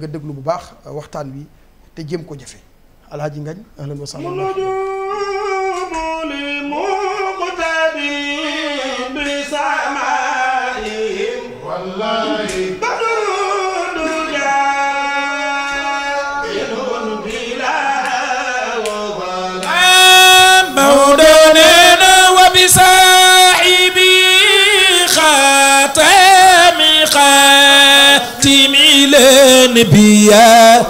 nga déglu bu baax euh, waxtaan wi te jéem ko jafe alhaji ngañ ahlan wa sahlan نبيا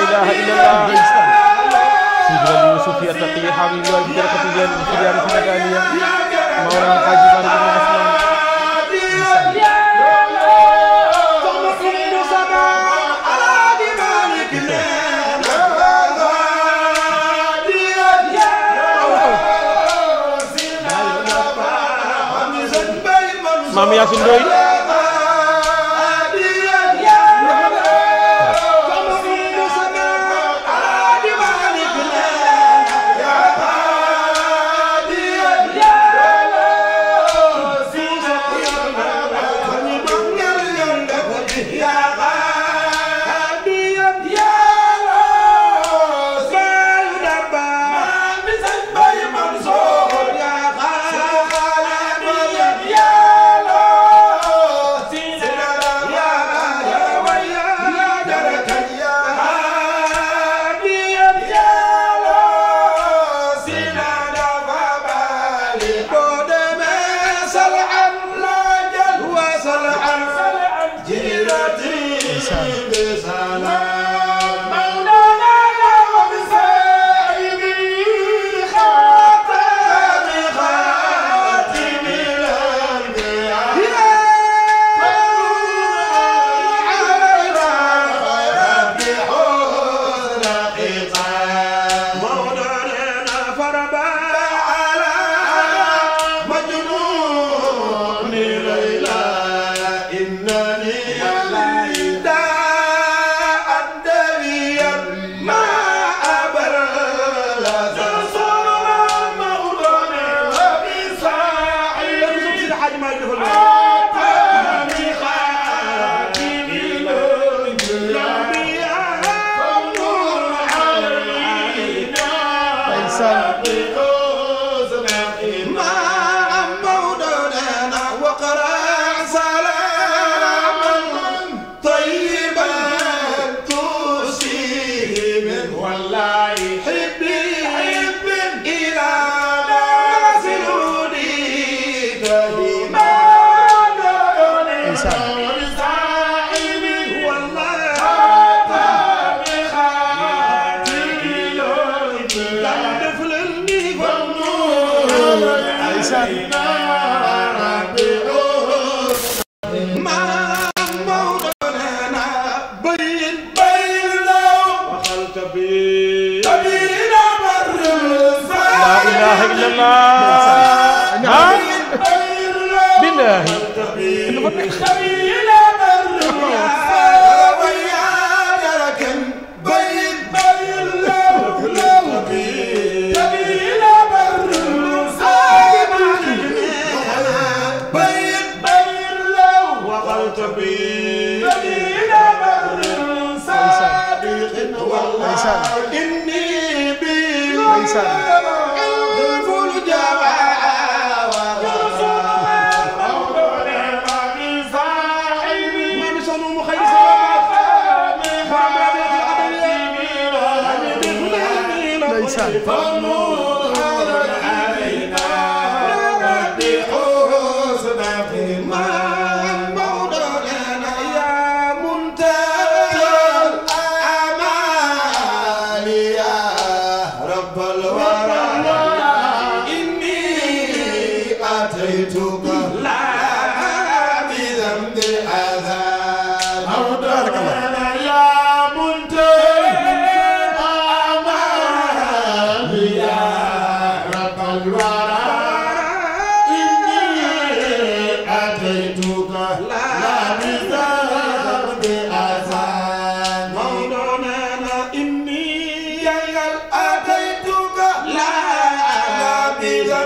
laa ilaaha illallah sidra Yuusuf ya taqi hamid wa barakatu leen ci jaar Sénégalia Mawlana Hadji Malick Ibn Ousmane Mame Yacine Ndoye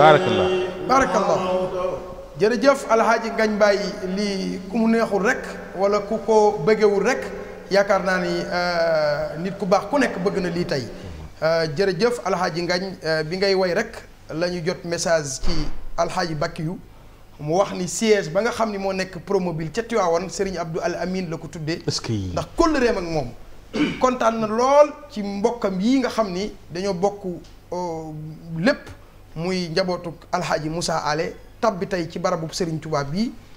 baarakallah baarakallah jërëjëf alxaaji ngañ bàyyi lii ku mu neexul rek wala ku ko bëggewul rek yaakaar naa ni euh, nit ku baax ku nekk bëgg na lii tey euh, jërëjëf alxaaji ngañ euh, bi ngay woy rek la jot message ci alxaaji Bakiyu mu wax ni siège ba nga xam ni moo nekk promobile ca Tiwaawan Serigne Abdou Al Amin la ko tuddee ndax kóllëreem mag moom kontaan na lool ci mbokkam yi nga xam ni dañoo bokk lépp muy njabootuk alxaaji Moussa Ale tab bi tey ci barabu Serigne tubaab bii